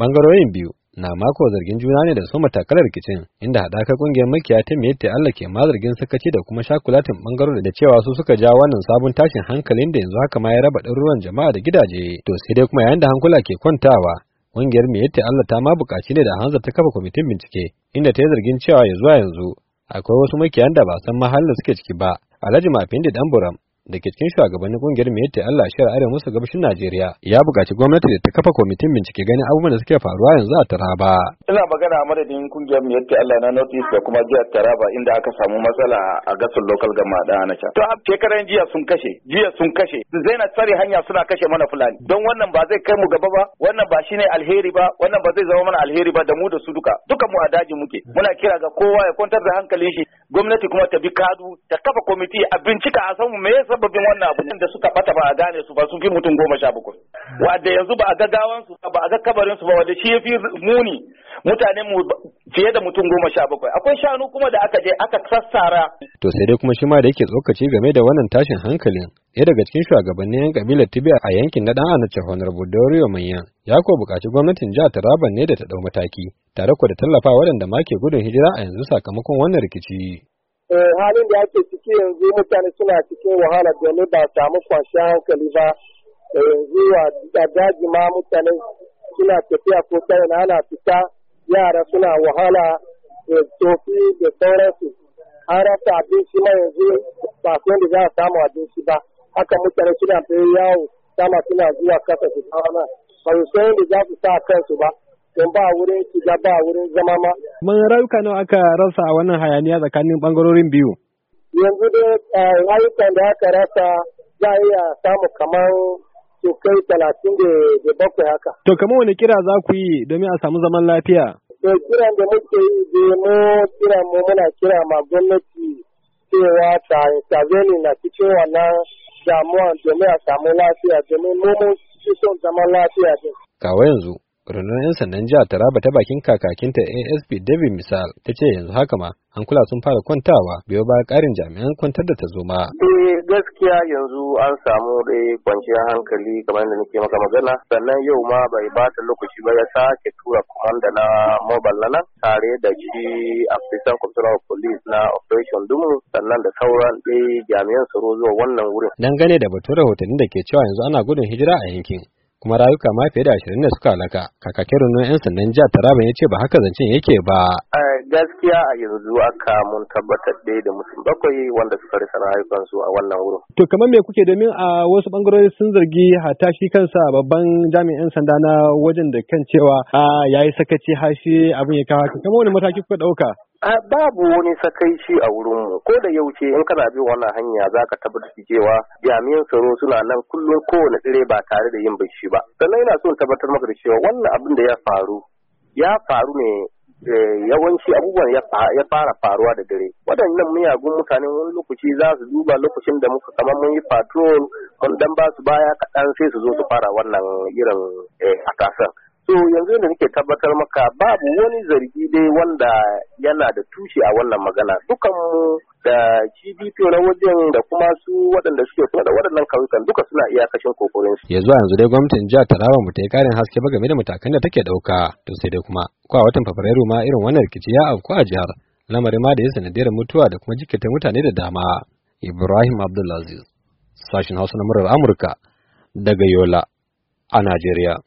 bangarorin biyu na mako zargin juna ne da su matakalar rikicin inda haɗakar ƙungiyar makiya ta yadda Allah ke ma zargin sakaci da kuma shakulatin bangarorin da cewa su suka ja wannan sabon tashin hankalin da yanzu haka ma ya raba ɗaruruwan jama'a da gidaje to sai dai kuma yayin da hankula ke kwantawa ƙungiyar yadda Allah ta ma buƙaci ne da hanzar ta kafa kwamitin bincike inda ta yi zargin cewa ya zuwa yanzu akwai wasu makiyan da ba san mahallin suke ciki ba Alhaji Mafindi Danburam da ke cikin shugabannin kungiyar yadda Allah shi Arewa musu Gabashin Najeriya ya buƙaci gwamnati da ta kafa kwamitin bincike ganin abubuwan da suke faruwa yanzu a Taraba. Ina magana a madadin kungiyar yadda Allah na North da kuma jihar Taraba inda aka samu matsala a gasar local gama da can. To a shekaran jiya sun kashe, jiya sun kashe. Zainab tsari hanya suna kashe mana Fulani. Don wannan ba zai kai mu gaba ba, wannan ba shi ne alheri ba, wannan ba zai zama mana alheri ba da mu da su duka. Duka mu a daji muke. Muna kira ga kowa ya kwantar da hankalin shi. Gwamnati kuma ta bi kadu ta kafa kwamiti a bincika a san me yasa sababin wannan abu da suka bata ba a gane su ba sun fi mutum goma sha bakwai wadda yanzu ba a ga gawan su ba a ga kabarin su ba wadda shi ya fi muni mutane mu fiye da mutum goma sha bakwai akwai shanu kuma da aka je aka sassara to sai dai kuma shi ma da yake tsokaci game da wannan tashin hankalin Ya daga cikin shugabannin yan kabilar tibi'a a yankin na dan anace honorable doriyo manyan ya ko buƙaci gwamnatin jihar taraban ne da ta ɗau mataki tare ko da tallafa waɗanda ma ke gudun hijira a yanzu sakamakon wannan rikici Eh, halin da ake ciki yanzu mutane suna cikin wahala domin ba samu kwanciyar hankali ba eh, yanzu a daji ma mutane suna tafiya ko tsarin ana fita yara suna wahala da tofi da sauransu an rasa abinci ma yanzu ba sai da za a samu abinci ba haka mutane suna bayan yawo sama suna zuwa kasa su kawo ba su da za su sa kansu ba don ba wurin shiga ba wurin zama ma. Mun rayuka nawa aka rasa a wannan hayaniya tsakanin bangarorin biyu? Yanzu da eh, rayukan da aka rasa za a iya samu kamar su kai talatin da bakwai haka. To kamar wani kira za ku yi domin a samu zaman lafiya? To kiran da muke yi da mu kira mu muna kira ma gwamnati cewa ta intervene na cikin wannan damuwa domin a samu lafiya domin mu mun fi zaman lafiya din. Kawai yanzu rundunar 'yan sandan jihar taraba ta bakin kakakinta asp david misal ta ce yanzu haka ma an kula sun fara kwantawa biyo ba karin jami'an kwantar da ta zoma. eh gaskiya yanzu an samu da kwanciyar hankali kamar da nake maka magana sannan yau ma bai bata lokaci ba ya sake tura komanda na mobile na nan tare da shi assistant controller of police na operation dumu sannan da sauran ɗaya jami'an tsaro zuwa wannan wurin. dangane da batun rahotanni da ke cewa yanzu ana gudun hijira a yankin kuma rayuka ma fiye da ashirin ne suka halaka kakakin runo 'yan sandan jihar taraba ya ce ba haka zancen yake ba gaskiya a yanzu aka mun tabbatar dai da mutum bakwai wanda suka rasa su a wannan wurin. To kamar me kuke domin a wasu bangarori sun zargi hata shi kansa babban jami'in sanda na wajen da kan cewa ah, a yayi sakaci har abin ya kawo kamar wani mataki kuka ɗauka? babu wani sakaici a wurinmu, ko da yauce in kana bin wannan hanya za zaka tabbatar cewa jami'an tsaro suna nan kullum kowane tsire ba tare da yin bacci ba sannan ina so tabbatar maka da cewa wannan abin da ya faru ya faru ne eh, yawanci abubuwan ya fara faruwa da dare waɗannan miyagun mutane wani lokaci za su duba lokacin da muka kamar mun yi patrol wani dan ba su baya kaɗan sai su zo su fara wannan irin eh, abin da nake tabbatar maka babu wani zargi dai wanda yana da tushe a wannan magana dukan da GDP na wajen da kuma su waɗanda suke kuma da waɗannan kawukan duka suna kashin kokorin su. Yanzu yanzu dai gwamnatin jihar Taraba mu yi karin haske ba game da matakan da take ɗauka to sai dai kuma ko watan Fabrairu ma irin wannan rikici ya afku a jihar lamarin ma da ya sanadiyar mutuwa da kuma jikita mutane da dama. Ibrahim Abdulaziz sashen Hausa na murar Amurka daga Yola a Najeriya.